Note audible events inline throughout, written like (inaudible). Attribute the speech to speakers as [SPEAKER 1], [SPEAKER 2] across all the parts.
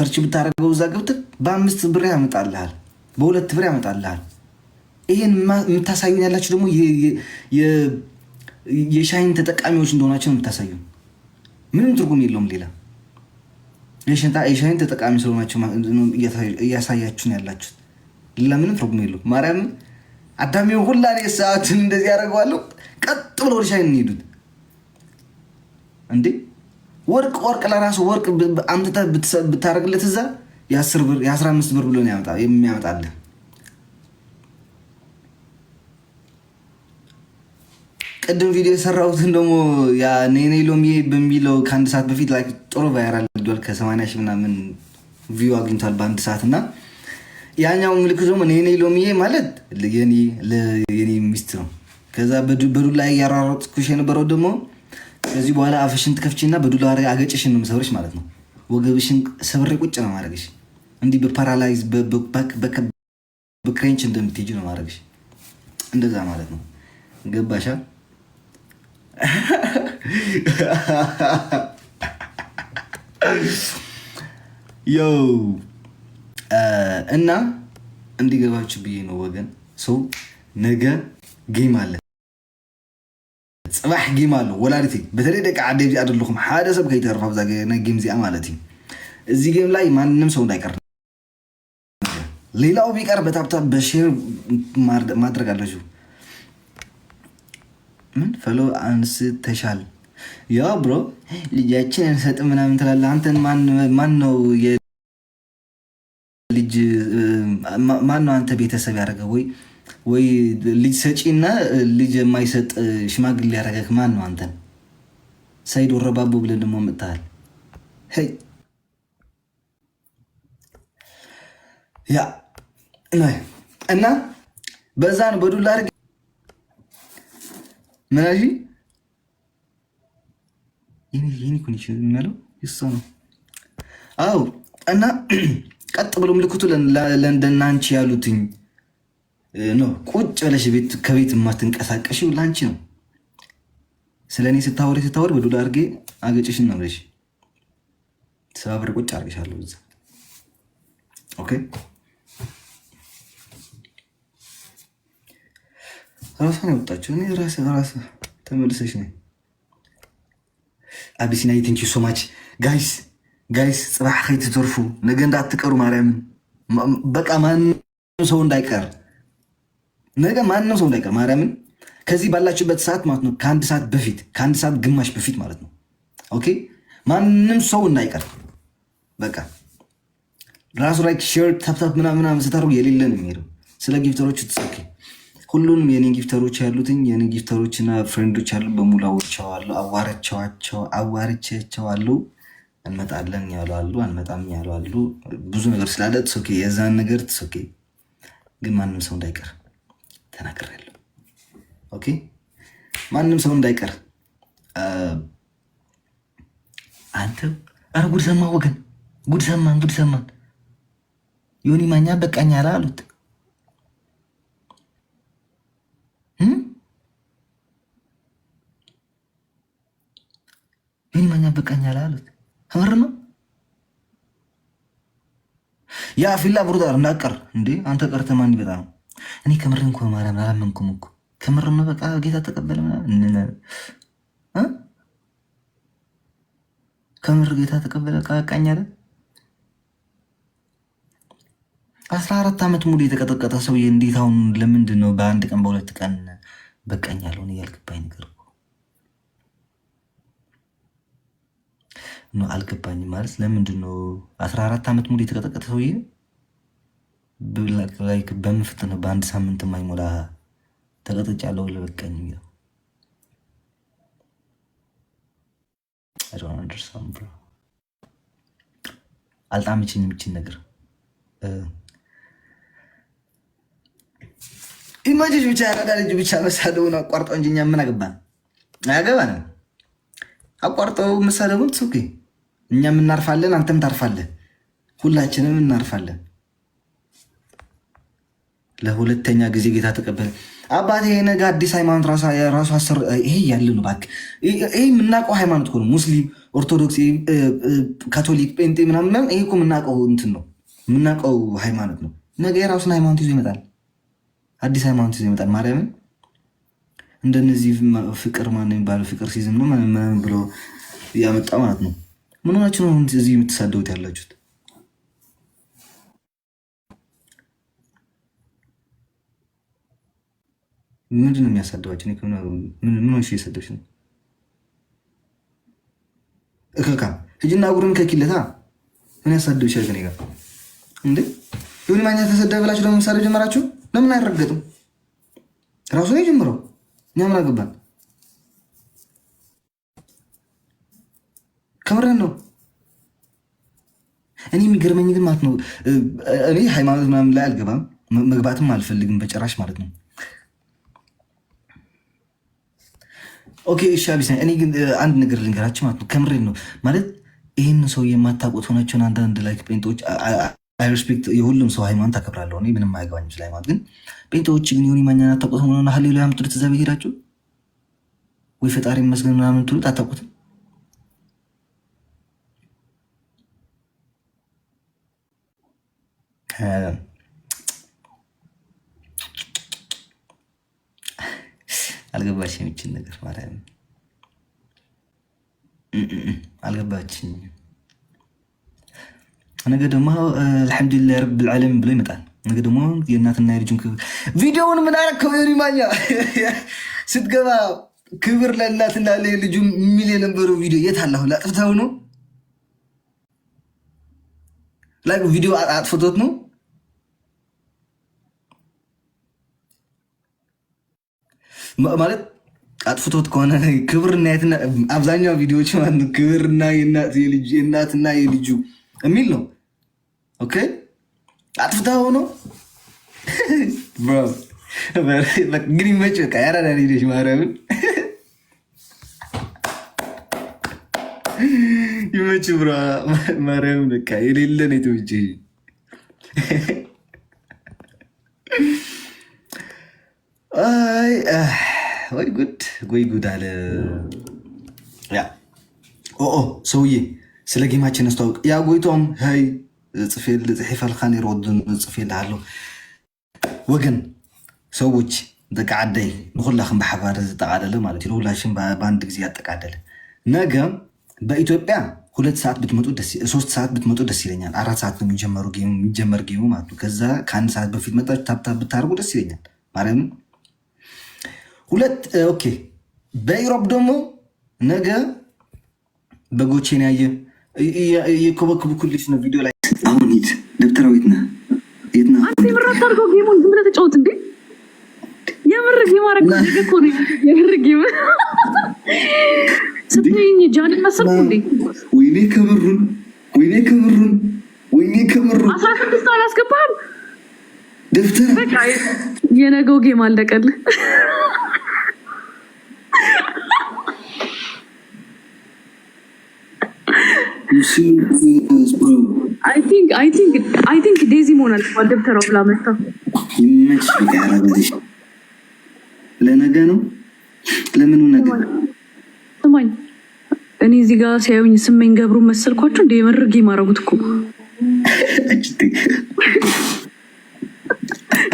[SPEAKER 1] ሰርች ብታደርገው እዛ ገብተህ በአምስት ብር ያመጣልሃል፣ በሁለት ብር ያመጣልሃል። ይህን የምታሳዩን ያላችሁ ደግሞ የሻይን ተጠቃሚዎች እንደሆናቸው የምታሳዩ ምንም ትርጉም የለውም። ሌላ የሻይን ተጠቃሚ ስለሆናቸው እያሳያችሁን ያላችሁት ሌላ ምንም ትርጉም የለው ማርያም አዳሚ ሁላ ሰዓትን እንደዚህ ያደርገዋለሁ። ቀጥ ብሎ ወደ ሻይን እንሄዱት እንዴ ወርቅ ወርቅ ለራሱ ወርቅ አምጥተህ ብታደርግለት እዛ የአስር ብር የአስራ አምስት ብር ብሎ የሚያመጣልህ ቅድም ቪዲዮ የሰራሁትን ደግሞ ኔኔ ሎሚ በሚለው ከአንድ ሰዓት በፊት ላይ ጥሩ ቫይራል ል ከሰማንያ ሺህ ምናምን ቪው አግኝቷል በአንድ ሰዓት እና ያኛው ምልክት ደግሞ ኔኔ ሎሚ ማለት የኔ ሚስት ነው። ከዛ በዱላ ላይ ያራሮጥኩሽ የነበረው ደግሞ ከዚህ በኋላ አፍሽን ትከፍቺና በዱላር አገጭሽን ነው የምሰብርሽ ማለት ነው። ወገብሽን ሰብሬ ቁጭ ነው ማድረግሽ። እንዲህ በፓራላይዝ በክሬንች እንደምትሄጂ ነው ማድረግሽ። እንደዛ ማለት ነው። ገባሻ? (laughs) ዮው እና እንዲገባችሁ ብዬ ነው ወገን። ሰው ነገ ጌም አለ ፅባሕ ጊም ኣሎ ወላዲት በተለይ ደቂ ዓደ ዚኣ ዘለኹም ሓደ ሰብ ከይተርፋ ኣብዛ ናይ ጌም እዚኣ ማለት እዩ እዚ ጌም ላይ ማንም ሰው እንዳይቀር ሌላው ቢቀር በታብታ በሽር ማድረግ ኣለሽ ምን ፈሎ ኣንስ ተሻል ያ ብሮ ልጃችን እንሰጥ ምናምን ትላለ አንተን ማን ነው ልጅ ማን ነው አንተ ቤተሰብ ያደረገ ወይ ወይ ልጅ ሰጪና ልጅ የማይሰጥ ሽማግሌ ያረገክ ማን ነው? አንተን ሰይድ ወረባቦ ብለን ደግሞ መጥተሃል። ያ እና በዛ ነው በዱላ አድርግ ምናሽ ይህኒ ነው። አዎ እና (clears throat) ቀጥ ብሎ ምልክቱ ለእንደናንቺ ያሉትኝ ነው ቁጭ ብለሽ ከቤት የማትንቀሳቀሽው ላንቺ ነው። ስለ እኔ ስታወሪ ስታወሪ በዱላ አድርጌ አገጭሽን ነው ብለሽ ሰባብር ቁጭ አድርግሻለሁ እዛ። ኦኬ ነው ያወጣቸው እኔ ራስ ራስ ተመልሰሽ ነ አቢሲና ይትንቺ ሶማች ጋይስ ጋይስ ፅባሕ ከይትዘርፉ ነገ እንዳትቀሩ ማርያምን በቃ ማንም ሰው እንዳይቀር ነገ ማንም ሰው እንዳይቀር ማርያምን ከዚህ ባላችሁበት ሰዓት ማለት ነው። ከአንድ ሰዓት በፊት ከአንድ ሰዓት ግማሽ በፊት ማለት ነው። ኦኬ ማንም ሰው እንዳይቀር በቃ ራሱ ላይ ሼር ታፕታፕ ምናምናም ስታደርጉ የሌለ ነው የሚሄደው። ስለ ጊፍተሮች ትሰኪ ሁሉንም የኔ ጊፍተሮች ያሉትኝ የኔ ጊፍተሮችና ፍሬንዶች ያሉ በሙሉ አውርቼዋለሁ፣ አዋርቼዋቸው አዋርቼቸዋለሁ። እንመጣለን ያሉ አሉ፣ አንመጣም ያሉ አሉ። ብዙ ነገር ስላለ ትሶኬ የዛን ነገር ትሶኬ ግን ማንም ሰው እንዳይቀር ተናግሬያለሁ። ኦኬ ማንም ሰው እንዳይቀር አንተ ኧረ ጉድ ሰማ ወገን፣ ጉድ ሰማን፣ ጉድ ሰማን። ዮኒ ማኛ በቃኝ አለ አሉት። ዮኒ ማኛ በቃኝ አለ አሉት። ሀመር ነው ያ ፊላ ብሩታር እንዳቀር እንዴ አንተ ቀርተህ ማን ይበጣ ነው እኔ ከምር እንኮ ማርያም አላመንኩም እኮ ከምር በቃ ጌታ ተቀበለ ከምር ጌታ ተቀበለ ቃቃኝ አለ። አስራ አራት ዓመት ሙሉ የተቀጠቀጠ ሰውዬ እንዴት አሁን ለምንድን ነው በአንድ ቀን በሁለት ቀን በቃኝ ያለሆን እያልገባኝ ነገር አልገባኝ ማለት ለምንድን ነው አስራ አራት ዓመት ሙሉ የተቀጠቀጠ ሰውዬ ላይክ በምፍጥን በአንድ ሳምንት የማይሞላ ተቀጥጫለሁ ልበቀኝ የሚለው አልጣምችን የምችን ነገር ኢማጅን ብቻ ያረዳ ልጅ ብቻ መሳደቡን አቋርጠው እንጂ እኛ ምን አገባን? አያገባንም። አቋርጠው መሳደቡን ትሱኬ እኛ የምናርፋለን፣ አንተም ታርፋለን፣ ሁላችንም እናርፋለን። ለሁለተኛ ጊዜ ጌታ ተቀበለ። አባቴ የነገ አዲስ ሃይማኖት ራሱ አሰር ይሄ ያለ ነው እባክህ። ይሄ የምናውቀው ሃይማኖት እኮ ነው። ሙስሊም፣ ኦርቶዶክስ፣ ካቶሊክ፣ ጴንጤ ምናምን ይሄ እኮ የምናውቀው እንትን ነው የምናውቀው ሃይማኖት ነው። ነገ የራሱን ሃይማኖት ይዞ ይመጣል። አዲስ ሃይማኖት ይዞ ይመጣል። ማርያምን እንደነዚህ ፍቅር ማነው የሚባለው ፍቅር ሲዝም ነው ምናምን ብሎ እያመጣ ማለት ነው። ምን ሆናችሁ ነው እዚህ የምትሳደቡት ያላችሁት? ምንድን ነው የሚያሳድባቸው? ምን ሆንሽ የሰደብሽ ነው? እከካ እጅና ጉርን ከኪለታ ምን ያሳድብሻል? ከኔ ጋር እንዴ ይሁን ማኛ ተሰደበ ብላችሁ ደግሞ ምሳሌ ጀመራችሁ። ለምን አይረገጥም? ራሱ ነው የጀምረው። እኛ ምን አገባን? ከምረን ነው። እኔ የሚገርመኝ ግን ማለት ነው እኔ ሃይማኖት ምናምን ላይ አልገባም፣ መግባትም አልፈልግም በጭራሽ ማለት ነው ኦኬ እሺ፣ አቢስ እኔ ግን አንድ ነገር ልንገራችሁ ማለት ነው። ከምሬን ነው ማለት ይህን ሰው የማታውቁት ሆናቸውን አንዳንድ ላይክ ጴንጦች አይሪስፔክት የሁሉም ሰው ሃይማኖት አከብራለሁ እኔ ምንም አያገባኝ ይችላል ሃይማኖት ግን ጴንጦች ግን የሆነ ማኛን አታውቁት ሆነ ሀሌሉያ ምትሉት እዛ ቤት ሄዳችሁ ወይ ፈጣሪ መስገን ምናምን ትሉት አታውቁትም። ከ አልገባሽ የሚችል ነገር ማለት ነው። አልገባችኝ። ነገ ደግሞ አልሐምዱሊላህ ረብ ዓለም ብሎ ይመጣል። ነገ ደግሞ የእናትና የልጁን ክብር ቪዲዮውን ምን አረከው የሪማኛ (laughs) ስትገባ ክብር ለእናትና ለልጁ የሚል የነበረው ቪዲዮ የት አላሁ ላጥፍተው ነው ቪዲዮ አጥፍቶት ነው ማለት አጥፍቶት ከሆነ ክብርና አብዛኛው ቪዲዮዎች ማለት ክብርና የእናትና የልጁ የሚል ነው። ኦኬ አጥፍታ ሆኖ (laughs) ግን ይመጭ በቃ ያራዳ ልጅ ማርያምን ይመጭ ብራ ማርያምን በቃ የሌለን ነው የተመቸኝ። ወይ ጉድ ወይ ጉድ አለ። ያ ኦኦ ሰውዬ ስለ ጌማችን አስተዋውቅ። ያ ጎይቶም ሃይ ጽፌል ጽሒፈልካ ነይሩ ጽፌል ኣሎ ወገን ሰዎች ደቂ ዓደይ ንኩላክን ብሓባር ዝጠቃለለ ማለት እዩ ንኩላሽን በአንድ ግዜ ያጠቃለለ ነገ በኢትዮጵያ ሁለት ሰዓት ብትመጡ ሶስት ሰዓት ብትመጡ ደስ ይለኛል። አራት ሰዓት ነው የሚጀመሩ የሚጀመር ጌሙ ማለት ነው። ከዛ ከአንድ ሰዓት በፊት መጣችሁ ታብታብ ብታርጉ ደስ ይለኛል ማለት ሁለት ኦኬ። በኢሮብ ደግሞ ነገ በጎቼን ያየ የኮበክብኩልሽ ነው ቪዲዮ ላይ አሁን ሂድ ደብተራዊት ነ
[SPEAKER 2] አንተ የምር ጌሙን ዝም ብለህ ተጫወት እንዴ የምር ጌም አደረገው ነገ እኮ ነው የምር ጌም ስትይኝ መሰልኩ እንዴ
[SPEAKER 1] ወይኔ ከምሩን ወይኔ ከምሩን ወይኔ ከምሩን አስራ
[SPEAKER 2] ስድስት አላስገባህም ደብተር የነገው ጌም አለቀልህ ቲንክ ዴዚ መሆን ደብተራው ብላ መታ
[SPEAKER 1] ለነገ ነው። ለምኑ ነገ ስማኝ፣
[SPEAKER 2] እኔ እዚህ ጋር ሲያዩኝ ስመኝ ገብሩ መሰልኳቸው። እንደ የመድረግ የማረጉት እኮ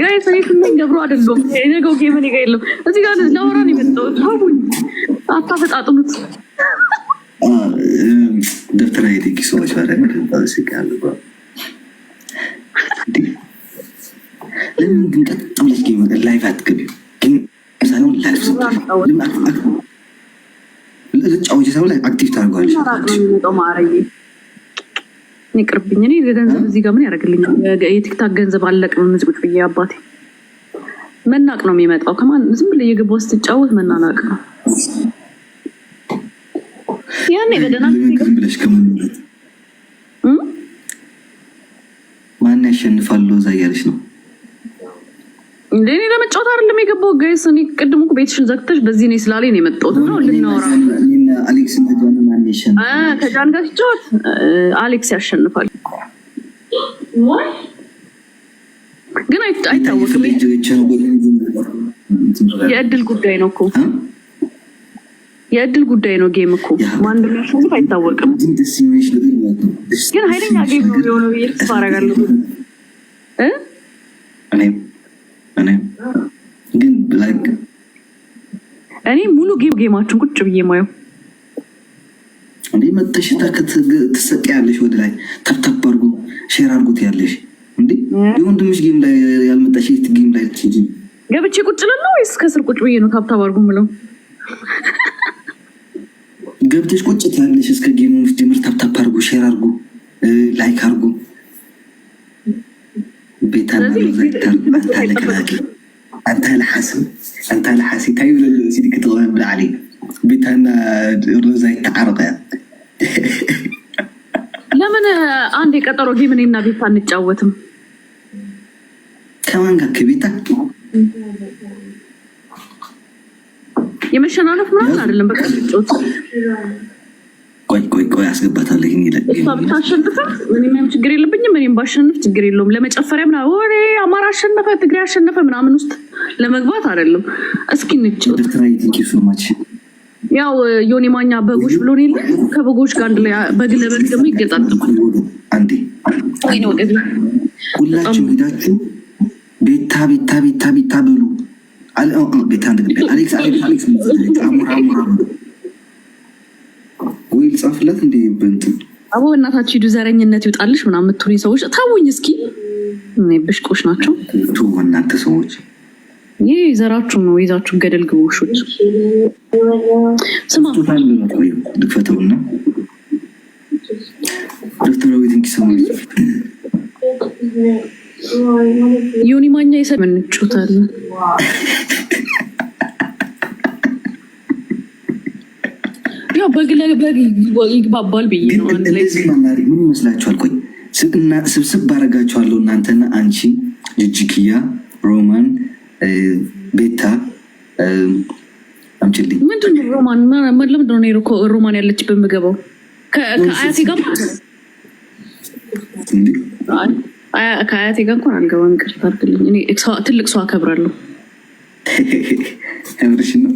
[SPEAKER 2] ጋይስ፣ እኔ ስመኝ ገብሩ አይደለም። የነገው ጌመኔ ጋር የለም። እዚህ ጋር ለወራን የመጣሁት አታፈጣጥኑት
[SPEAKER 1] Dr. Rai, thank ግን አክቲቭ
[SPEAKER 2] ይቅርብኝ። እኔ ገንዘብ እዚህ ጋር ምን ያደርግልኛል? የቲክታክ ገንዘብ አለቅም። ምዝቁጭ ብዬ አባቴ መናቅ ነው የሚመጣው። ከማን ዝም ብለህ ውስጥ ስትጫወት መናናቅ ነው። ያኔ በደህና ብለሽ ከማለት
[SPEAKER 1] ማን ያሸንፋል ሎዛ እያለች ነው
[SPEAKER 2] እንደ ለመጫወት አይደለም የገባው ጋይስ። እኔ ቅድም ቤትሽን ዘግተሽ በዚህ እኔ ስላለኝ ነው የመጣሁት። ነው ልናወራ ከጃን ጋር ሲጫወት አሌክስ ያሸንፋል፣ ግን አይታወቅም። የእድል ጉዳይ ነው እኮ የእድል ጉዳይ ነው። ጌም እኮ ማን እንደሚያሸንፍ አይታወቅም፣ ግን ኃይለኛ ጌም ነው የሆነው ብዬ ተስፋ አደርጋለሁ። እኔ ሙሉ ጌም ጌማችን ቁጭ ብዬ ማየው
[SPEAKER 1] እንዴ መተሽታ ትሰቅ ያለሽ ወደ ላይ ተብተብ አርጎ ሼር አርጎት ያለሽ እንዴ የወንድምሽ ጌም ላይ ያልመጣሽ ጌም ላይ
[SPEAKER 2] ገብቼ ቁጭ ልለው ወይስ ከስር ቁጭ ብዬ ነው ታብታብ አርጎ ምለው
[SPEAKER 1] ገብተሽ ቁጭ ትያለሽ። እስከ ጌሙ ጀምር ታፕታፕ አርጉ፣ ሼር አርጉ፣ ላይክ አርጉ። ቤታ ታለቀላቂ አንታ
[SPEAKER 2] ለምን አንድ የቀጠሮ ጌም እኔና ቤታ አንጫወትም?
[SPEAKER 1] ከማን ጋር ከቤታ
[SPEAKER 2] የመሸናነፍ ምናምን አይደለም። በቃ ጮት
[SPEAKER 1] ቆይ ቆይ ቆይ አስገባታለ
[SPEAKER 2] ብታሸንፍም ምንም ችግር የለብኝም። እኔም ባሸንፍ ችግር የለውም። ለመጨፈሪያ ምና ወሬ አማራ አሸነፈ፣ ትግሬ አሸነፈ ምናምን ውስጥ ለመግባት አይደለም። እስኪ እንጫወት። ያው ዮኒ ማኛ በጎች ብሎን የለ ከበጎች ጋር አንድ ላይ በግ ለበግ ደግሞ ይገጣጠማል።
[SPEAKER 1] ሁላችሁ ሄዳችሁ ቤታ ቤታ ቤታ ቤታ ብሉ ወይ ልጻፍላት እንደ በእንትን
[SPEAKER 2] አቦ እናታችሁ ሂዱ ዘረኝነት ይውጣልሽ ምናምን የምትሉ ሰዎች ታውኝ እስኪ ብሽቆች ናቸው
[SPEAKER 1] እናንተ ሰዎች።
[SPEAKER 2] ይህ ዘራችሁ ነው ይዛችሁ ገደል ግቡ
[SPEAKER 1] ልክፈተውና ዶክተር ቤትን ኪሰማ
[SPEAKER 2] ዮኒ ማኛ የሰምን ጩታለን ያው በግለ ይግባባል ብዬ
[SPEAKER 1] ነው። እንደዚህ መናሪ ምን ይመስላችኋል? ቆይ ስብስብ አደርጋችኋለሁ እናንተና አንቺ፣ ጅጅክያ ሮማን፣ ቤታ አምችልኝ።
[SPEAKER 2] ምንድን ነው ሮማን? ለምንድን ነው ሮማን ያለችበት የምገባው? ከአያቴ ጋር ከአያቴ ጋር እንኳን አንገባም። ይቅርታ አድርግልኝ። እኔ ትልቅ ሰው አከብራለሁ። ምርሽ ነው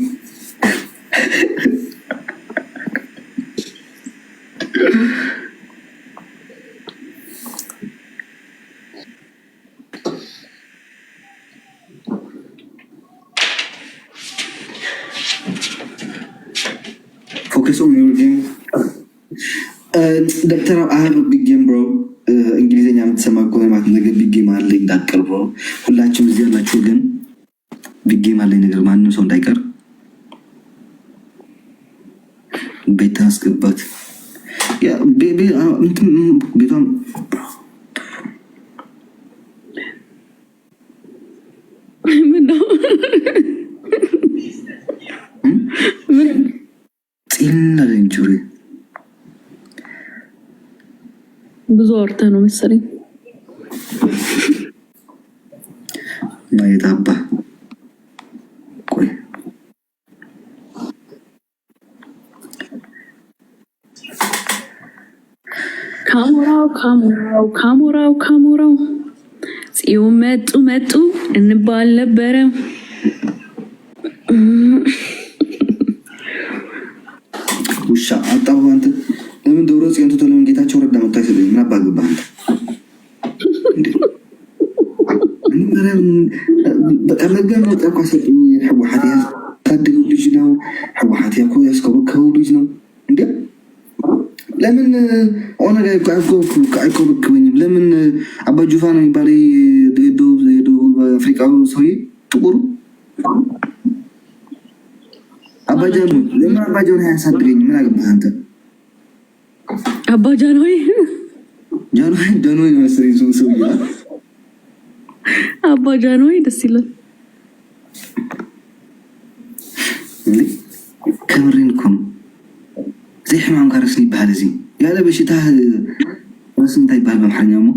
[SPEAKER 1] ፎከስ ኦን ዩር ጌም ዶክተር አይ ሃቭ ቢግ ጌም ብሮ ነው። ሁላችሁም እዚህ ያላችሁ ግን ቢጌ ማለኝ ነገር ማንም ሰው እንዳይቀር ቤት አስገባት። ቤቷን
[SPEAKER 2] ብዙ አውርተህ ነው መሰለኝ ልጣባ ካሞራው ካሞራው ካሞራው ካሞራው ጽዮን መጡ መጡ እንባል ነበረ።
[SPEAKER 1] በጣም ካሰልጠኝ ህወሓት ያሳደገው ልጅ ነው። ህወሓት ያኮ ያስኮበከበው ልጅ ነው። ለምን ኦነግ አይኮበክበኝም? ለምን አባ ጁፋ ነው የሚባለ የደቡብ አፍሪካዊ ሰውዬ ጥቁሩ አባጃን ለምን አባጃን አያሳድገኝ? ምን አገባህ አንተ?
[SPEAKER 2] አባጃን ሆይ
[SPEAKER 1] ጃን ሆይ ደኖ ሰውዬ
[SPEAKER 2] አባጃን ሆይ ደስ ይላል።
[SPEAKER 1] ከምሪን እኮ ዘይ ሕማም ካ ይበሃል እዚ ያለ በሽታ ረስኒ እንታይ ይበሃል በምሓርኛ ሞ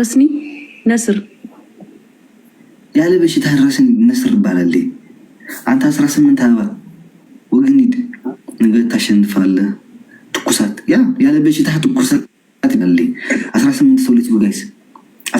[SPEAKER 2] ረስኒ ነስር
[SPEAKER 1] ያለ በሽታ ረስኒ ነስር ይባላል። አንተ አስራ ስምንት አበባ ወግኒድ ነገር ታሸንፋለ ትኩሳት ያ ያለ በሽታ ትኩሳት ይላል። አስራ ስምንት ሰው ልጅ ወጋይስ